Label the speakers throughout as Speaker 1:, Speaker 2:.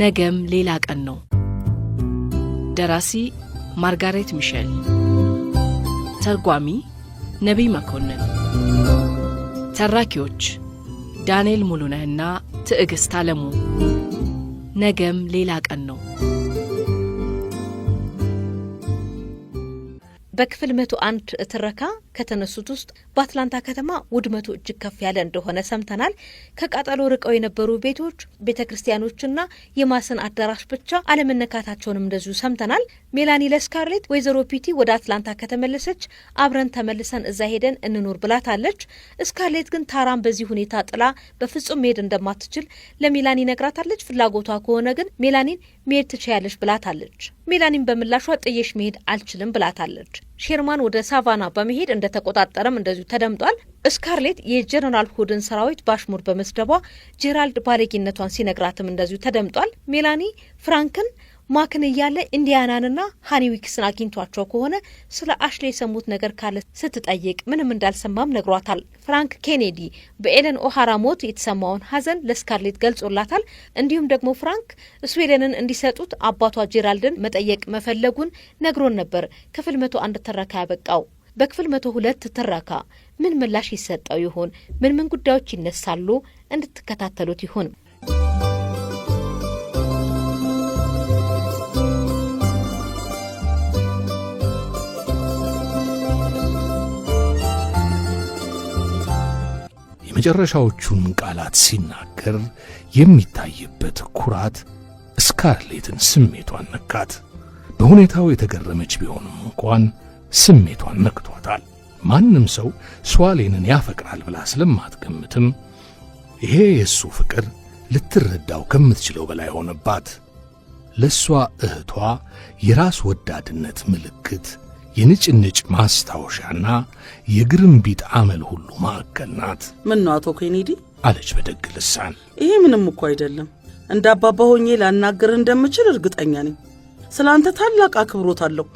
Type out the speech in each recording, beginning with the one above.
Speaker 1: ነገም ሌላ ቀን ነው። ደራሲ ማርጋሬት ሚሸል፣ ተርጓሚ ነቢይ መኮንን፣ ተራኪዎች ዳንኤል ሙሉነህና ትዕግሥት አለሙ። ነገም ሌላ ቀን ነው።
Speaker 2: በክፍል መቶ አንድ ትረካ ከተነሱት ውስጥ በአትላንታ ከተማ ውድመቱ እጅግ ከፍ ያለ እንደሆነ ሰምተናል። ከቃጠሎ ርቀው የነበሩ ቤቶች፣ ቤተ ክርስቲያኖችና የማሰን አዳራሽ ብቻ አለመነካታቸውንም እንደዚሁ ሰምተናል። ሜላኒ ለስካርሌት ወይዘሮ ፒቲ ወደ አትላንታ ከተመለሰች አብረን ተመልሰን እዛ ሄደን እንኖር ብላታለች። ስካርሌት ግን ታራን በዚህ ሁኔታ ጥላ በፍጹም መሄድ እንደማትችል ለሜላኒ ነግራታለች። ፍላጎቷ ከሆነ ግን ሜላኒን መሄድ ትችያለች ብላታለች። ሜላኒን በምላሿ ጥየሽ መሄድ አልችልም ብላታለች። ሼርማን ወደ ሳቫና በመሄድ እንደተቆጣጠረም እንደዚሁ ተደምጧል። ስካርሌት የጀነራል ሁድን ሰራዊት ባሽሙር በመስደቧ ጄራልድ ባለጌነቷን ሲነግራትም እንደዚሁ ተደምጧል። ሜላኒ ፍራንክን ማክን እያለ ኢንዲያናንና ሃኒዊክስን አግኝቷቸው ከሆነ ስለ አሽሌ የሰሙት ነገር ካለ ስትጠይቅ ምንም እንዳልሰማም ነግሯታል። ፍራንክ ኬኔዲ በኤደን ኦሃራ ሞት የተሰማውን ሀዘን ለስካርሌት ገልጾላታል። እንዲሁም ደግሞ ፍራንክ ስዌደንን እንዲሰጡት አባቷ ጄራልድን መጠየቅ መፈለጉን ነግሮን ነበር። ክፍል መቶ አንድ ትረካ ያበቃው። በክፍል መቶ ሁለት ትረካ ምን ምላሽ ይሰጠው ይሆን? ምን ምን ጉዳዮች ይነሳሉ? እንድትከታተሉት ይሁን።
Speaker 3: መጨረሻዎቹን ቃላት ሲናገር የሚታይበት ኩራት ስካርሌትን ስሜቷን ነካት። በሁኔታው የተገረመች ቢሆንም እንኳን ስሜቷን ነክቷታል። ማንም ሰው ስዋሌንን ያፈቅራል ብላ ስለማትገምትም ይሄ የእሱ ፍቅር ልትረዳው ከምትችለው በላይ ሆነባት። ለእሷ እህቷ የራስ ወዳድነት ምልክት የንጭንጭ ማስታወሻና የግርምቢት አመል ሁሉ ማዕከል ናት።
Speaker 4: ምን ነው አቶ ኬኔዲ
Speaker 3: አለች በደግ ልሳን።
Speaker 4: ይሄ ምንም እኮ አይደለም። እንደ አባባ ሆኜ ላናገር እንደምችል እርግጠኛ ነኝ። ስለ አንተ ታላቅ አክብሮት አለው።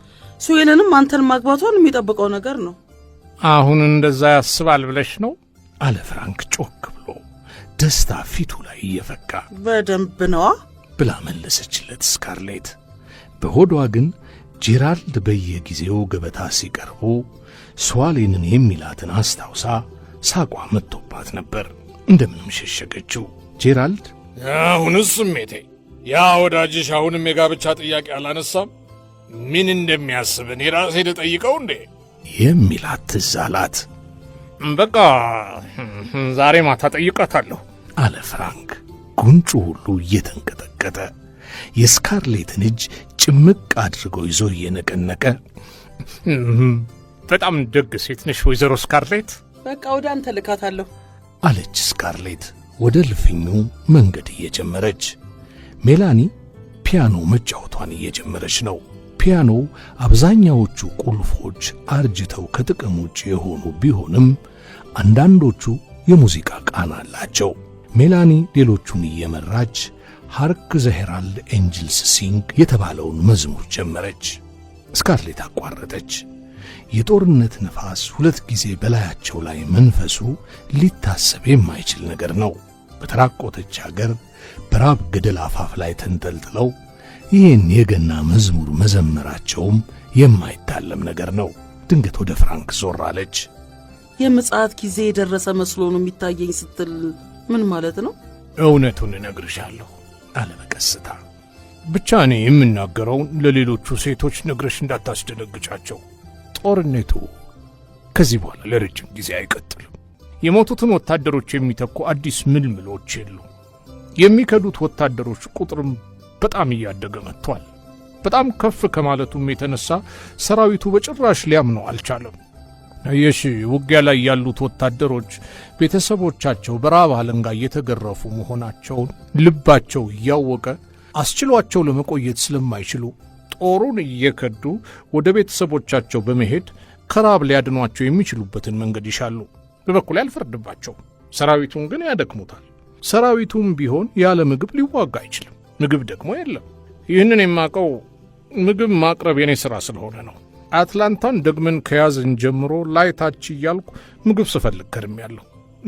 Speaker 4: ሱዌልንም አንተን ማግባቷን የሚጠብቀው ነገር ነው።
Speaker 5: አሁን እንደዛ ያስባል ብለሽ ነው?
Speaker 3: አለ ፍራንክ ጮክ ብሎ ደስታ ፊቱ ላይ እየፈካ።
Speaker 4: በደንብ ነዋ
Speaker 3: ብላ መለሰችለት ስካርሌት። በሆዷ ግን ጄራልድ በየጊዜው ገበታ ሲቀርቡ ስዋሌንን የሚላትን አስታውሳ ሳቋ መጥቶባት ነበር። እንደምንም ሸሸገችው። ጄራልድ
Speaker 5: አሁንስ ስሜቴ ያ ወዳጅሽ አሁንም የጋብቻ ጥያቄ አላነሳም? ምን እንደሚያስብ የራሴ ራሴ ልጠይቀው እንዴ
Speaker 3: የሚላት ትዝ አላት።
Speaker 5: በቃ ዛሬ ማታ ጠይቃታለሁ
Speaker 3: አለ ፍራንክ፣ ጉንጩ ሁሉ እየተንቀጠቀጠ የስካርሌትን እጅ ጭምቅ አድርጎ ይዞ እየነቀነቀ
Speaker 5: በጣም ደግ ሴት ነሽ ወይዘሮ ስካርሌት፣
Speaker 4: በቃ ወደ አንተ ልካታለሁ
Speaker 3: አለች ስካርሌት ወደ ልፍኙ መንገድ እየጀመረች። ሜላኒ ፒያኖ መጫወቷን እየጀመረች ነው። ፒያኖው አብዛኛዎቹ ቁልፎች አርጅተው ከጥቅም ውጭ የሆኑ ቢሆንም አንዳንዶቹ የሙዚቃ ቃና አላቸው። ሜላኒ ሌሎቹን እየመራች ሃርክ ዘሄራልድ ኤንጅልስ ሲንግ የተባለውን መዝሙር ጀመረች። ስካርሌት አቋረጠች። የጦርነት ነፋስ ሁለት ጊዜ በላያቸው ላይ መንፈሱ ሊታሰብ የማይችል ነገር ነው። በተራቆተች አገር በራብ ገደል አፋፍ ላይ ተንጠልጥለው ይህን የገና መዝሙር መዘመራቸውም የማይታለም ነገር ነው። ድንገት ወደ ፍራንክ ዞር አለች።
Speaker 4: የምጽዓት ጊዜ የደረሰ መስሎ ነው የሚታየኝ ስትል ምን ማለት ነው?
Speaker 3: እውነቱን እነግርሻለሁ አለ በቀስታ። ብቻ እኔ የምናገረውን ለሌሎቹ ሴቶች ነግረሽ እንዳታስደነግጫቸው። ጦርነቱ ከዚህ በኋላ ለረጅም ጊዜ አይቀጥልም። የሞቱትን ወታደሮች የሚተኩ አዲስ ምልምሎች የሉ። የሚከዱት ወታደሮች ቁጥርም በጣም እያደገ መጥቷል። በጣም ከፍ ከማለቱም የተነሳ ሰራዊቱ በጭራሽ ሊያምነው አልቻለም። የሺ ውጊያ ላይ ያሉት ወታደሮች ቤተሰቦቻቸው በራብ አለንጋ እየተገረፉ መሆናቸውን ልባቸው እያወቀ አስችሏቸው ለመቆየት ስለማይችሉ ጦሩን እየከዱ ወደ ቤተሰቦቻቸው በመሄድ ከራብ ሊያድኗቸው የሚችሉበትን መንገድ ይሻሉ። በበኩል ያልፈርድባቸው፣ ሰራዊቱን ግን ያደክሙታል። ሰራዊቱም ቢሆን ያለ ምግብ ሊዋጋ አይችልም። ምግብ ደግሞ የለም። ይህንን የማቀው ምግብ ማቅረብ የኔ ሥራ ስለሆነ ነው። አትላንታን ደግመን ከያዝን ጀምሮ ላይታች እያልኩ ምግብ ስፈልግ ከርሜያለሁ።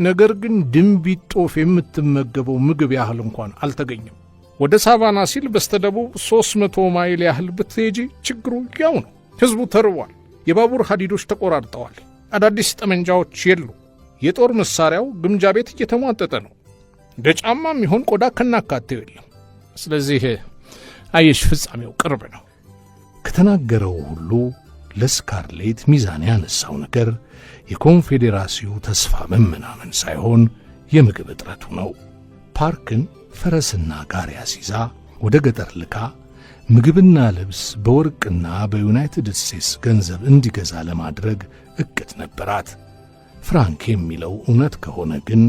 Speaker 3: ነገር ግን ድንቢት ጦፍ የምትመገበው ምግብ ያህል እንኳን አልተገኘም። ወደ ሳቫና ሲል በስተደቡብ 300 ማይል ያህል ብትሄጂ ችግሩ ያው ነው። ሕዝቡ ተርቧል። የባቡር ሐዲዶች ተቆራርጠዋል። አዳዲስ ጠመንጃዎች የሉ። የጦር መሳሪያው ግምጃ ቤት እየተሟጠጠ ነው። እንደ ጫማም ይሆን ቆዳ ከናካቴው የለም። ስለዚህ አየሽ፣ ፍጻሜው ቅርብ ነው። ከተናገረው ሁሉ ለስካርሌት ሚዛን ያነሳው ነገር የኮንፌዴራሲው ተስፋ መመናመን ሳይሆን የምግብ እጥረቱ ነው። ፓርክን ፈረስና ጋሪ አስይዛ ወደ ገጠር ልካ ምግብና ልብስ በወርቅና በዩናይትድ ስቴትስ ገንዘብ እንዲገዛ ለማድረግ እቅድ ነበራት። ፍራንክ የሚለው እውነት ከሆነ ግን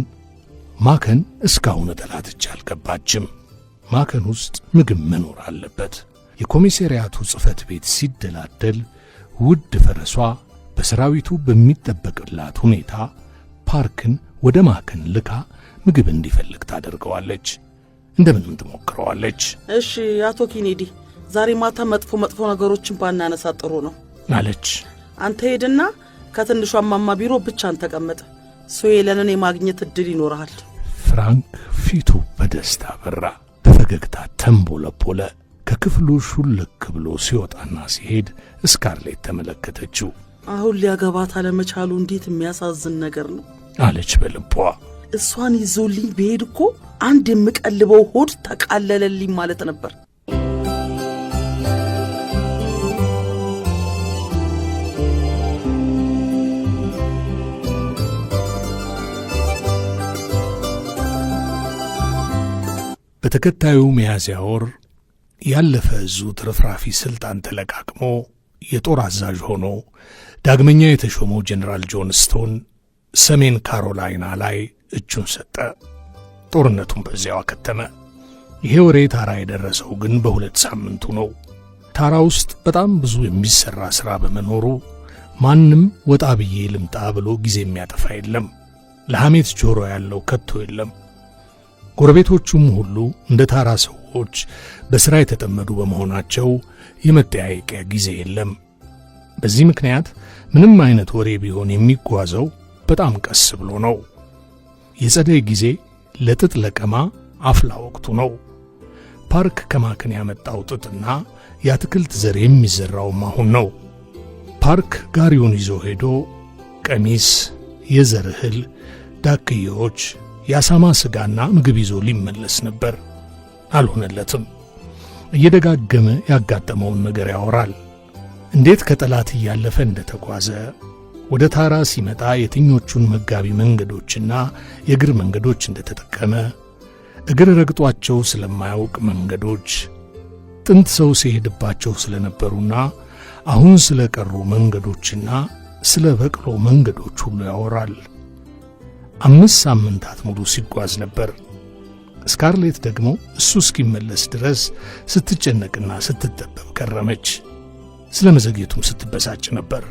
Speaker 3: ማከን እስካሁን ጠላትች አልገባችም። ማከን ውስጥ ምግብ መኖር አለበት። የኮሚሴሪያቱ ጽሕፈት ቤት ሲደላደል ውድ ፈረሷ በሰራዊቱ በሚጠበቅላት ሁኔታ ፓርክን ወደ ማከን ልካ ምግብ እንዲፈልግ ታደርገዋለች። እንደምንም ትሞክረዋለች።
Speaker 4: እሺ አቶ ኬኔዲ፣ ዛሬ ማታ መጥፎ መጥፎ ነገሮችን ባናነሳ ጥሩ ነው አለች። አንተ ሄድና ከትንሿ እማማ ቢሮ ብቻን ተቀመጥ። ሶሄለንን የማግኘት እድል ይኖርሃል።
Speaker 3: ፍራንክ ፊቱ በደስታ በራ፣ በፈገግታ ተንቦለቦለ። ከክፍሉ ሹልክ ብሎ ሲወጣና ሲሄድ እስካርሌት ተመለከተችው።
Speaker 4: አሁን ሊያገባት አለመቻሉ እንዴት የሚያሳዝን ነገር ነው
Speaker 3: አለች በልቧ።
Speaker 4: እሷን ይዞልኝ ብሄድ እኮ አንድ የምቀልበው ሆድ ተቃለለልኝ ማለት ነበር።
Speaker 3: በተከታዩ ሚያዝያ ወር ያለፈ እዙ ትርፍራፊ ስልጣን ተለቃቅሞ የጦር አዛዥ ሆኖ ዳግመኛ የተሾመው ጀኔራል ጆን ስቶን ሰሜን ካሮላይና ላይ እጁን ሰጠ። ጦርነቱን በዚያው አከተመ። ይሄ ወሬ ታራ የደረሰው ግን በሁለት ሳምንቱ ነው። ታራ ውስጥ በጣም ብዙ የሚሠራ ሥራ በመኖሩ ማንም ወጣ ብዬ ልምጣ ብሎ ጊዜ የሚያጠፋ የለም። ለሐሜት ጆሮ ያለው ከቶ የለም። ጎረቤቶቹም ሁሉ እንደ ታራ ሰው ሰዎች በሥራ የተጠመዱ በመሆናቸው የመጠያየቂያ ጊዜ የለም። በዚህ ምክንያት ምንም አይነት ወሬ ቢሆን የሚጓዘው በጣም ቀስ ብሎ ነው። የጸደይ ጊዜ ለጥጥ ለቀማ አፍላ ወቅቱ ነው። ፓርክ ከማክን ያመጣው ጥጥና የአትክልት ዘር የሚዘራውም አሁን ነው። ፓርክ ጋሪውን ይዞ ሄዶ ቀሚስ፣ የዘር እህል፣ ዳክዬዎች፣ የአሳማ ሥጋና ምግብ ይዞ ሊመለስ ነበር። አልሆነለትም። እየደጋገመ ያጋጠመውን ነገር ያወራል። እንዴት ከጠላት እያለፈ እንደተጓዘ ወደ ታራ ሲመጣ የትኞቹን መጋቢ መንገዶችና የእግር መንገዶች እንደተጠቀመ እግር ረግጧቸው ስለማያውቅ መንገዶች፣ ጥንት ሰው ሲሄድባቸው ስለነበሩና አሁን ስለ ቀሩ መንገዶችና ስለ በቅሎ መንገዶች ሁሉ ያወራል። አምስት ሳምንታት ሙሉ ሲጓዝ ነበር። ስካርሌት ደግሞ እሱ እስኪመለስ ድረስ ስትጨነቅና ስትጠበብ ከረመች። ስለ መዘግየቱም ስትበሳጭ ነበር።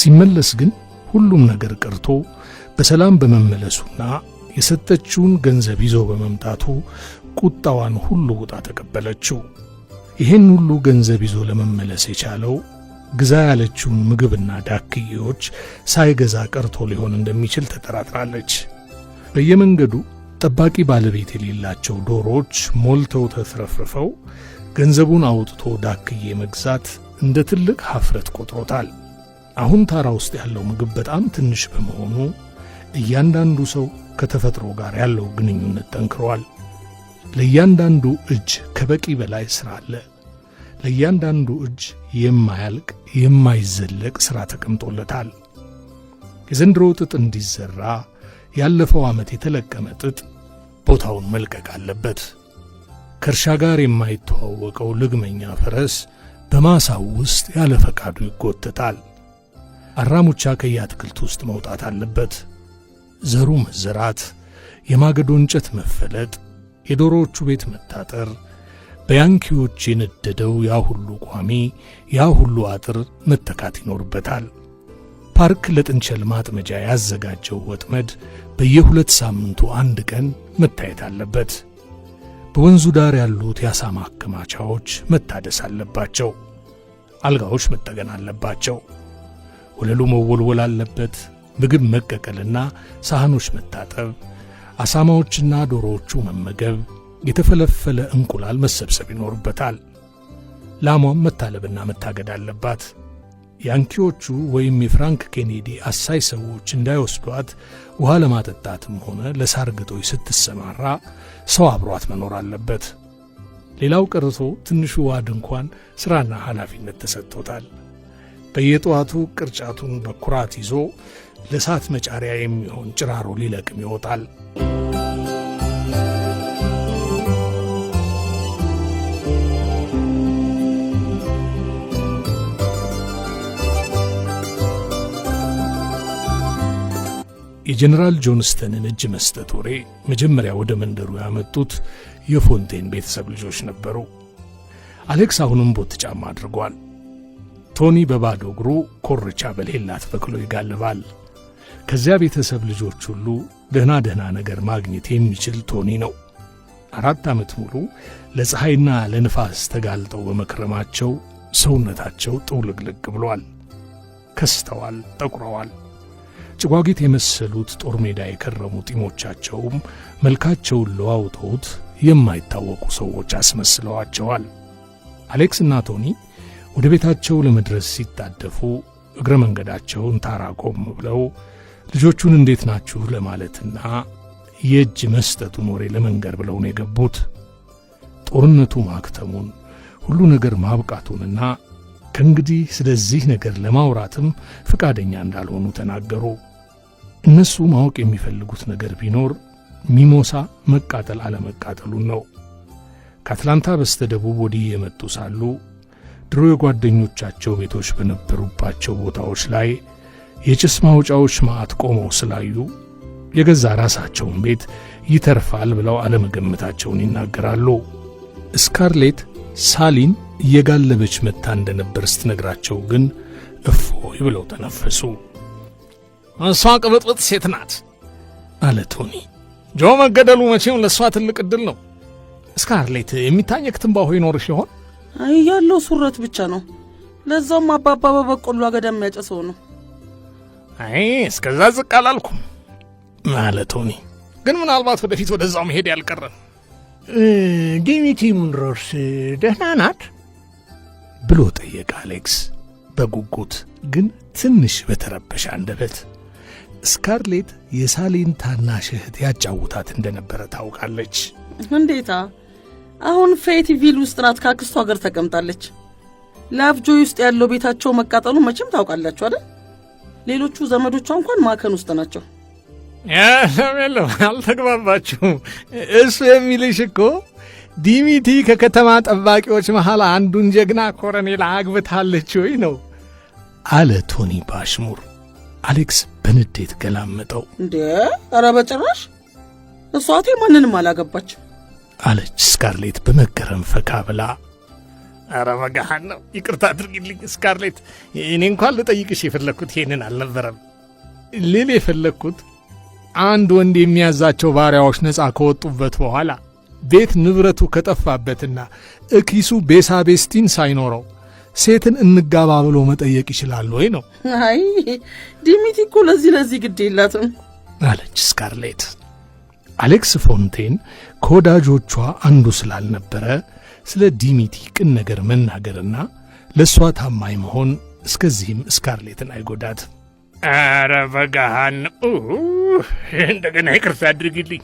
Speaker 3: ሲመለስ ግን ሁሉም ነገር ቀርቶ በሰላም በመመለሱና የሰጠችውን ገንዘብ ይዞ በመምጣቱ ቁጣዋን ሁሉ ውጣ ተቀበለችው። ይህን ሁሉ ገንዘብ ይዞ ለመመለስ የቻለው ግዛ ያለችውን ምግብና ዳክዬዎች ሳይገዛ ቀርቶ ሊሆን እንደሚችል ተጠራጥራለች። በየመንገዱ ጠባቂ ባለቤት የሌላቸው ዶሮዎች ሞልተው ተትረፍርፈው ገንዘቡን አውጥቶ ዳክዬ መግዛት እንደ ትልቅ ሐፍረት ቆጥሮታል። አሁን ታራ ውስጥ ያለው ምግብ በጣም ትንሽ በመሆኑ እያንዳንዱ ሰው ከተፈጥሮ ጋር ያለው ግንኙነት ጠንክሯል። ለእያንዳንዱ እጅ ከበቂ በላይ ሥራ አለ። ለእያንዳንዱ እጅ የማያልቅ የማይዘለቅ ሥራ ተቀምጦለታል። የዘንድሮ ጥጥ እንዲዘራ ያለፈው ዓመት የተለቀመ ጥጥ ቦታውን መልቀቅ አለበት። ከእርሻ ጋር የማይተዋወቀው ልግመኛ ፈረስ በማሳው ውስጥ ያለ ፈቃዱ ይጎተታል። አራሙቻ ከየአትክልት ውስጥ መውጣት አለበት። ዘሩ መዘራት፣ የማገዶ እንጨት መፈለጥ፣ የዶሮዎቹ ቤት መታጠር፣ በያንኪዎች የነደደው ያ ሁሉ ቋሚ፣ ያ ሁሉ አጥር መተካት ይኖርበታል። ፓርክ ለጥንቸል ማጥመጃ ያዘጋጀው ወጥመድ በየሁለት ሳምንቱ አንድ ቀን መታየት አለበት። በወንዙ ዳር ያሉት የአሳ ማከማቻዎች መታደስ አለባቸው። አልጋዎች መጠገን አለባቸው። ወለሉ መወልወል አለበት። ምግብ መቀቀልና ሳህኖች መታጠብ፣ አሳማዎችና ዶሮዎቹ መመገብ፣ የተፈለፈለ እንቁላል መሰብሰብ ይኖርበታል። ላሟም መታለብና መታገድ አለባት። ያንኪዎቹ ወይም የፍራንክ ኬኔዲ አሳይ ሰዎች እንዳይወስዷት ውሃ ለማጠጣትም ሆነ ለሳር ግጦሽ ስትሰማራ ሰው አብሯት መኖር አለበት። ሌላው ቀርቶ ትንሹ ውሃ ድንኳን ሥራና ኃላፊነት ተሰጥቶታል። በየጠዋቱ ቅርጫቱን በኩራት ይዞ ለእሳት መጫሪያ የሚሆን ጭራሮ ሊለቅም ይወጣል። የጀኔራል ጆንስተንን እጅ መስጠት ወሬ መጀመሪያ ወደ መንደሩ ያመጡት የፎንቴን ቤተሰብ ልጆች ነበሩ። አሌክስ አሁንም ቦት ጫማ አድርጓል። ቶኒ በባዶ እግሩ ኮርቻ በሌላት በቅሎ ይጋልባል። ከዚያ ቤተሰብ ልጆች ሁሉ ደህና ደህና ነገር ማግኘት የሚችል ቶኒ ነው። አራት ዓመት ሙሉ ለፀሐይና ለንፋስ ተጋልጠው በመክረማቸው ሰውነታቸው ጥውልግልግ ብሏል። ከስተዋል፣ ጠቁረዋል። ጭጓጊት የመሰሉት ጦር ሜዳ የከረሙ ጢሞቻቸውም መልካቸውን ለዋውጠውት የማይታወቁ ሰዎች አስመስለዋቸዋል። አሌክስ እና ቶኒ ወደ ቤታቸው ለመድረስ ሲጣደፉ እግረ መንገዳቸውን ታራ ቆም ብለው ልጆቹን እንዴት ናችሁ ለማለትና የእጅ መስጠቱን ወሬ ለመንገር ብለው ነው የገቡት። ጦርነቱ ማክተሙን ሁሉ ነገር ማብቃቱንና ከእንግዲህ ስለዚህ ነገር ለማውራትም ፈቃደኛ እንዳልሆኑ ተናገሩ። እነሱ ማወቅ የሚፈልጉት ነገር ቢኖር ሚሞሳ መቃጠል አለመቃጠሉን ነው። ከአትላንታ በስተ ደቡብ ወዲህ የመጡ ሳሉ ድሮ የጓደኞቻቸው ቤቶች በነበሩባቸው ቦታዎች ላይ የጭስ ማውጫዎች ማዕት ቆመው ስላዩ የገዛ ራሳቸውን ቤት ይተርፋል ብለው አለመገመታቸውን ይናገራሉ። ስካርሌት ሳሊን እየጋለበች መታ እንደነበር ስትነግራቸው ግን እፎይ ብለው ተነፈሱ።
Speaker 5: እሷ ቅብጥብጥ ሴት ናት አለ ቶኒ። ጆ መገደሉ መቼም ለእሷ ትልቅ ዕድል ነው።
Speaker 3: እስካርሌት የሚታኘክ ትንባሆ ይኖርሽ ይሆን?
Speaker 4: ያለው ሱረት ብቻ ነው። ለዛውም አባባ በበቆሎ አገዳ የሚያጨሰው ነው።
Speaker 5: አይ እስከዛ ዝቅ አላልኩም አለ ቶኒ። ግን ምናልባት ወደፊት ወደዛው መሄድ ያልቀረን
Speaker 4: ዲሚቲ ሙንሮርስ ደህና ናት
Speaker 3: ብሎ ጠየቀ አሌክስ በጉጉት ግን ትንሽ በተረበሸ አንደበት። ስካርሌት የሳሊን ታናሽ እህት ያጫውታት እንደነበረ ታውቃለች።
Speaker 4: እንዴታ! አሁን ፌቲቪል ውስጥ ናት። ካክስቷ ሀገር ተቀምጣለች። ላፍጆይ ውስጥ ያለው ቤታቸው መቃጠሉ መቼም ታውቃላችሁ አይደል? ሌሎቹ ዘመዶቿ እንኳን ማከን ውስጥ ናቸው።
Speaker 5: የለም፣ አልተግባባችሁም። እሱ የሚልሽ እኮ ዲሚቲ ከከተማ ጠባቂዎች መሃል አንዱን ጀግና ኮረኔል አግብታለች ወይ ነው
Speaker 3: አለ ቶኒ ባሽሙር። አሌክስ በንዴት ገላመጠው።
Speaker 4: እንዴ ኧረ በጭራሽ እሷቴ ማንንም አላገባችም
Speaker 3: አለች ስካርሌት በመገረም ፈካ ብላ።
Speaker 5: ኧረ መጋሃን ነው ይቅርታ አድርጊልኝ ስካርሌት፣ እኔ እንኳን ልጠይቅሽ የፈለግኩት ይሄንን አልነበረም። ልል የፈለግኩት አንድ ወንድ የሚያዛቸው ባሪያዎች ነፃ ከወጡበት በኋላ ቤት ንብረቱ ከጠፋበትና እኪሱ ቤሳቤስቲን ሳይኖረው ሴትን እንጋባ ብሎ መጠየቅ ይችላል ወይ ነው።
Speaker 4: አይ ዲሚቲ እኮ ለዚህ ለዚህ ግድ የላትም
Speaker 3: አለች ስካርሌት። አሌክስ ፎንቴን ከወዳጆቿ አንዱ ስላልነበረ ስለ ዲሚቲ ቅን ነገር መናገርና ለእሷ ታማኝ መሆን እስከዚህም ስካርሌትን አይጎዳት።
Speaker 5: አረ በጋሃን እንደገና ይቅርታ አድርግልኝ።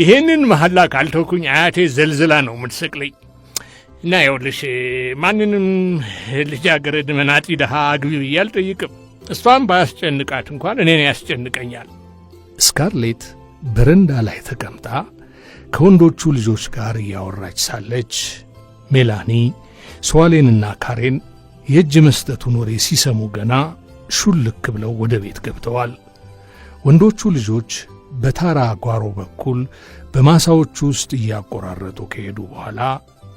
Speaker 5: ይህንን መሐላ ካልተውኩኝ አያቴ ዘልዝላ ነው የምትሰቅለኝ። እና ይኸውልሽ ማንንም ልጃገረድ መናጢ ድሃ አግቢ ብዬ አልጠይቅም። እሷም ባያስጨንቃት እንኳን እኔን ያስጨንቀኛል።
Speaker 3: ስካርሌት በረንዳ ላይ ተቀምጣ ከወንዶቹ ልጆች ጋር እያወራች ሳለች ሜላኒ ሰዋሌንና ካሬን የእጅ መስጠቱን ወሬ ሲሰሙ ገና ሹልክ ብለው ወደ ቤት ገብተዋል። ወንዶቹ ልጆች በታራ ጓሮ በኩል በማሳዎቹ ውስጥ እያቆራረጡ ከሄዱ በኋላ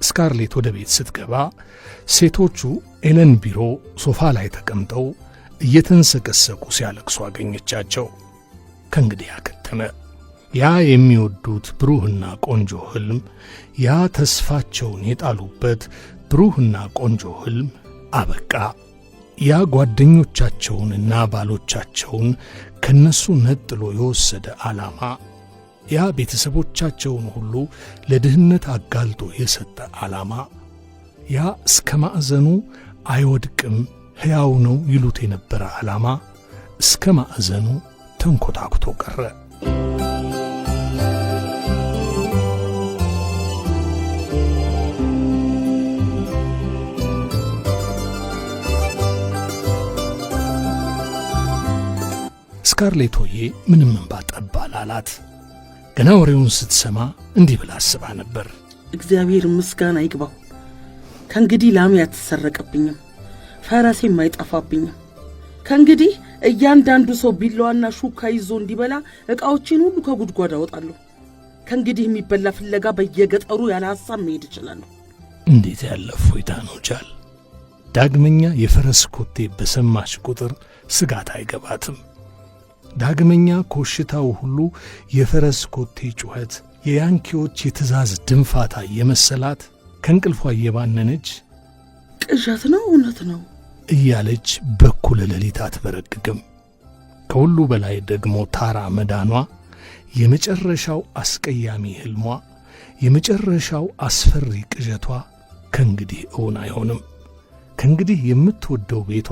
Speaker 3: ስካርሌት ወደ ቤት ስትገባ ሴቶቹ ኤለን ቢሮ ሶፋ ላይ ተቀምጠው እየተንሰቀሰቁ ሲያለቅሱ አገኘቻቸው። ከእንግዲህ አከተመ። ያ የሚወዱት ብሩህና ቆንጆ ሕልም፣ ያ ተስፋቸውን የጣሉበት ብሩህና ቆንጆ ሕልም አበቃ። ያ ጓደኞቻቸውንና ባሎቻቸውን ከነሱ ነጥሎ የወሰደ ዓላማ ያ ቤተሰቦቻቸውን ሁሉ ለድህነት አጋልጦ የሰጠ ዓላማ ያ እስከ ማዕዘኑ አይወድቅም ሕያው ነው ይሉት የነበረ ዓላማ እስከ ማዕዘኑ ተንኰታኩቶ ቀረ። ስካርሌት ሆዬ ምንም እንባ ጠብ ገና ወሬውን ስትሰማ እንዲህ ብላ አስባ ነበር።
Speaker 4: እግዚአብሔር ምስጋና ይግባው። ከእንግዲህ ላሜ አትሰረቅብኝም፣ ፈረሴም አይጠፋብኝም። ከእንግዲህ እያንዳንዱ ሰው ቢላዋና ሹካ ይዞ እንዲበላ ዕቃዎቼን ሁሉ ከጉድጓድ አወጣለሁ። ከእንግዲህ የሚበላ ፍለጋ በየገጠሩ ያለ ሐሳብ መሄድ እችላለሁ።
Speaker 3: እንዴት ያለ እፎይታ ነው! ጃል ዳግመኛ የፈረስ ኮቴ በሰማች ቁጥር ስጋት አይገባትም። ዳግመኛ ኮሽታው ሁሉ የፈረስ ኮቴ ጩኸት፣ የያንኪዎች የትእዛዝ ድንፋታ የመሰላት ከእንቅልፏ እየባነነች
Speaker 4: ቅዠት ነው እውነት ነው
Speaker 3: እያለች በኩል ሌሊት አትበረግግም። ከሁሉ በላይ ደግሞ ታራ መዳኗ የመጨረሻው አስቀያሚ ህልሟ የመጨረሻው አስፈሪ ቅዠቷ ከእንግዲህ እውን አይሆንም። ከእንግዲህ የምትወደው ቤቷ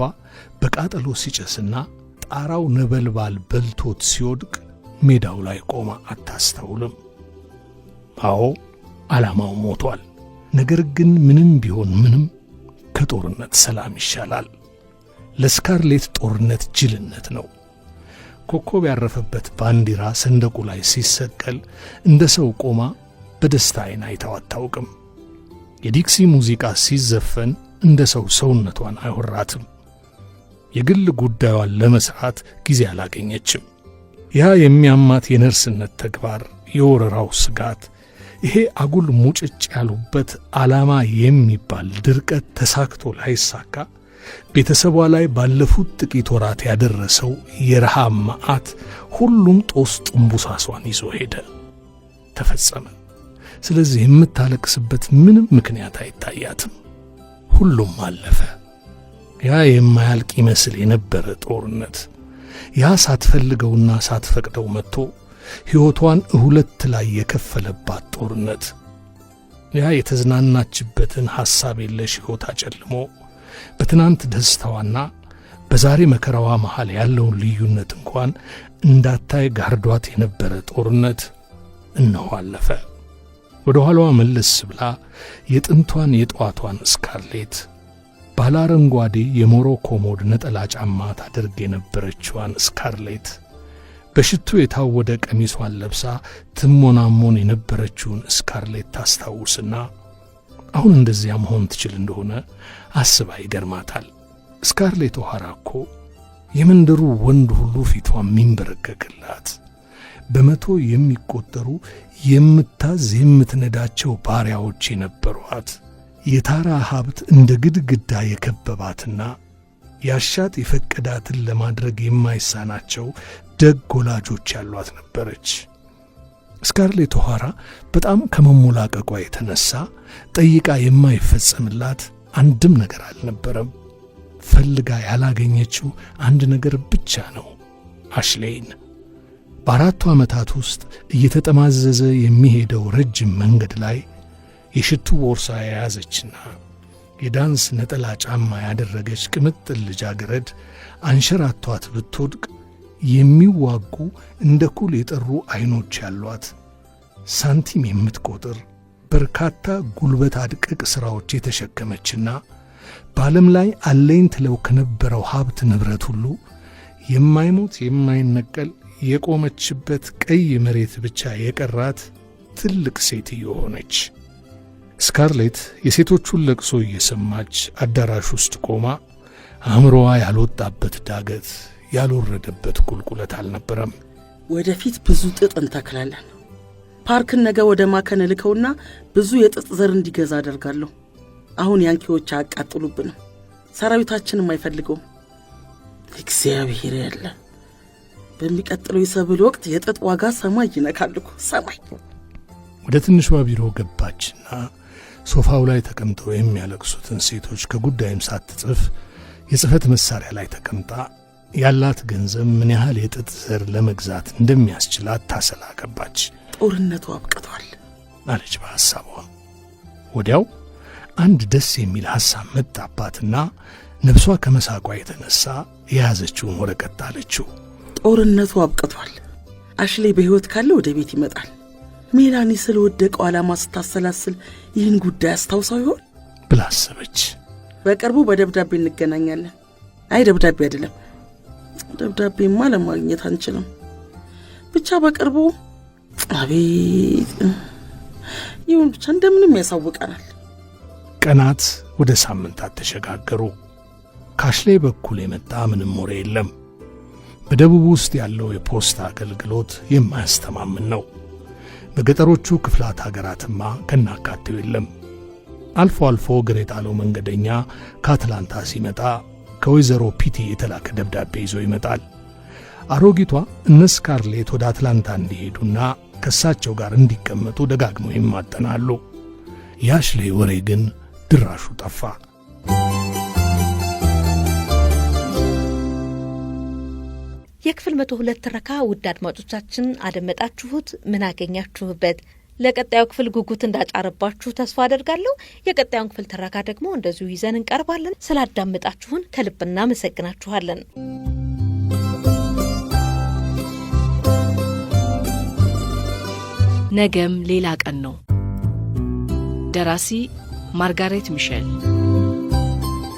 Speaker 3: በቃጠሎ ሲጨስና የጣራው ነበልባል በልቶት ሲወድቅ ሜዳው ላይ ቆማ አታስተውልም። አዎ ዓላማው ሞቷል። ነገር ግን ምንም ቢሆን ምንም ከጦርነት ሰላም ይሻላል። ለስካርሌት ጦርነት ጅልነት ነው። ኮከብ ያረፈበት ባንዲራ ሰንደቁ ላይ ሲሰቀል እንደ ሰው ቆማ በደስታ ዓይን አይተው አታውቅም። የዲክሲ ሙዚቃ ሲዘፈን እንደ ሰው ሰውነቷን አይወራትም። የግል ጉዳዩን ለመስራት ጊዜ አላገኘችም። ያ የሚያማት የነርስነት ተግባር፣ የወረራው ስጋት፣ ይሄ አጉል ሙጭጭ ያሉበት ዓላማ የሚባል ድርቀት ተሳክቶ ላይሳካ ቤተሰቧ ላይ ባለፉት ጥቂት ወራት ያደረሰው የረሃብ መዓት ሁሉም ጦስ ጥንቡሳሷን ይዞ ሄደ። ተፈጸመ። ስለዚህ የምታለቅስበት ምንም ምክንያት አይታያትም። ሁሉም አለፈ። ያ የማያልቅ ይመስል የነበረ ጦርነት ያ ሳትፈልገውና ሳትፈቅደው መጥቶ ሕይወቷን ሁለት ላይ የከፈለባት ጦርነት ያ የተዝናናችበትን ሐሳብ የለሽ ሕይወት አጨልሞ በትናንት ደስታዋና በዛሬ መከራዋ መሃል ያለውን ልዩነት እንኳን እንዳታይ ጋርዷት የነበረ ጦርነት እነሆ አለፈ። ወደ ኋላዋ መለስ ብላ የጥንቷን የጠዋቷን እስካርሌት ባለ አረንጓዴ የሞሮኮ ሞድ ነጠላ ጫማ ታደርግ የነበረችዋን ስካርሌት በሽቱ የታወደ ቀሚሷን ለብሳ ትሞናሞን የነበረችውን ስካርሌት ታስታውስና አሁን እንደዚያ መሆን ትችል እንደሆነ አስባ ይገርማታል። ስካርሌት ኦሃራ እኮ የመንደሩ ወንድ ሁሉ ፊቷ የሚንበረከክላት በመቶ የሚቆጠሩ የምታዝ የምትነዳቸው ባሪያዎች የነበሯት የታራ ሀብት እንደ ግድግዳ የከበባትና ያሻት የፈቀዳትን ለማድረግ የማይሳናቸው ደግ ወላጆች ያሏት ነበረች። ስካርሌት ኦሃራ በጣም ከመሞላቀቋ የተነሳ ጠይቃ የማይፈጸምላት አንድም ነገር አልነበረም። ፈልጋ ያላገኘችው አንድ ነገር ብቻ ነው፣ አሽሌይን። በአራቱ ዓመታት ውስጥ እየተጠማዘዘ የሚሄደው ረጅም መንገድ ላይ የሽቱ ቦርሳ የያዘችና የዳንስ ነጠላ ጫማ ያደረገች ቅምጥል ልጃገረድ አንሸራቷት ብትወድቅ የሚዋጉ እንደ ኩል የጠሩ ዐይኖች ያሏት ሳንቲም የምትቆጥር በርካታ ጉልበት አድቅቅ ሥራዎች የተሸከመችና በዓለም ላይ አለኝ ትለው ከነበረው ሀብት ንብረት ሁሉ የማይሞት የማይነቀል የቆመችበት ቀይ መሬት ብቻ የቀራት ትልቅ ሴትዮ ሆነች። ስካርሌት የሴቶቹን ለቅሶ እየሰማች አዳራሽ ውስጥ ቆማ አእምሮዋ ያልወጣበት ዳገት ያልወረደበት ቁልቁለት አልነበረም።
Speaker 4: ወደፊት ብዙ ጥጥ እንተክላለን። ፓርክን ነገ ወደ ማከን ልከውና ብዙ የጥጥ ዘር እንዲገዛ አደርጋለሁ። አሁን ያንኪዎች አያቃጥሉብንም፣ ሰራዊታችንም አይፈልገውም። እግዚአብሔር ያለ በሚቀጥለው የሰብል ወቅት የጥጥ ዋጋ ሰማይ ይነካልኩ ሰማይ
Speaker 3: ወደ ትንሿ ቢሮ ገባችና ሶፋው ላይ ተቀምጠው የሚያለቅሱትን ሴቶች ከጉዳይም ሳትጽፍ የጽህፈት መሳሪያ ላይ ተቀምጣ ያላት ገንዘብ ምን ያህል የጥጥ ዘር ለመግዛት እንደሚያስችላት ታሰላ ገባች።
Speaker 4: ጦርነቱ አብቅቷል
Speaker 3: አለች በሐሳቧ። ወዲያው አንድ ደስ የሚል ሐሳብ መጣባትና ነፍሷ ከመሳቋ የተነሳ የያዘችውን ወረቀት ጣለችው።
Speaker 4: ጦርነቱ አብቅቷል። አሽሌ በሕይወት ካለ ወደ ቤት ይመጣል። ሜላኒ ስለወደቀው ዓላማ ስታሰላስል ይህን ጉዳይ አስታውሳው ይሆን
Speaker 3: ብላ አሰበች።
Speaker 4: በቅርቡ በደብዳቤ እንገናኛለን። አይ ደብዳቤ አይደለም፣ ደብዳቤማ ለማግኘት አንችልም። ብቻ በቅርቡ አቤት ይሁን ብቻ እንደምንም ያሳውቀናል።
Speaker 3: ቀናት ወደ ሳምንታት ተሸጋገሩ። ካሽሌ በኩል የመጣ ምንም ወሬ የለም። በደቡብ ውስጥ ያለው የፖስታ አገልግሎት የማያስተማምን ነው። በገጠሮቹ ክፍላት ሀገራትማ ከናካቴው የለም። አልፎ አልፎ እግር የጣለው መንገደኛ ከአትላንታ ሲመጣ ከወይዘሮ ፒቲ የተላከ ደብዳቤ ይዞ ይመጣል። አሮጊቷ እነ ስካርሌት ወደ አትላንታ እንዲሄዱና ከእሳቸው ጋር እንዲቀመጡ ደጋግመው ይማጠናሉ። ያሽሌ ወሬ ግን ድራሹ ጠፋ።
Speaker 2: የክፍል መቶ ሁለት ትረካ ውድ አድማጮቻችን አደመጣችሁት። ምን አገኛችሁበት? ለቀጣዩ ክፍል ጉጉት እንዳጫረባችሁ ተስፋ አደርጋለሁ። የቀጣዩን ክፍል ትረካ ደግሞ እንደዚሁ ይዘን እንቀርባለን። ስላዳመጣችሁን ከልብ እናመሰግናችኋለን።
Speaker 1: ነገም ሌላ ቀን ነው። ደራሲ ማርጋሬት ሚሼል፣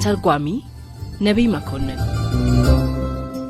Speaker 1: ተርጓሚ ነቢይ መኮንን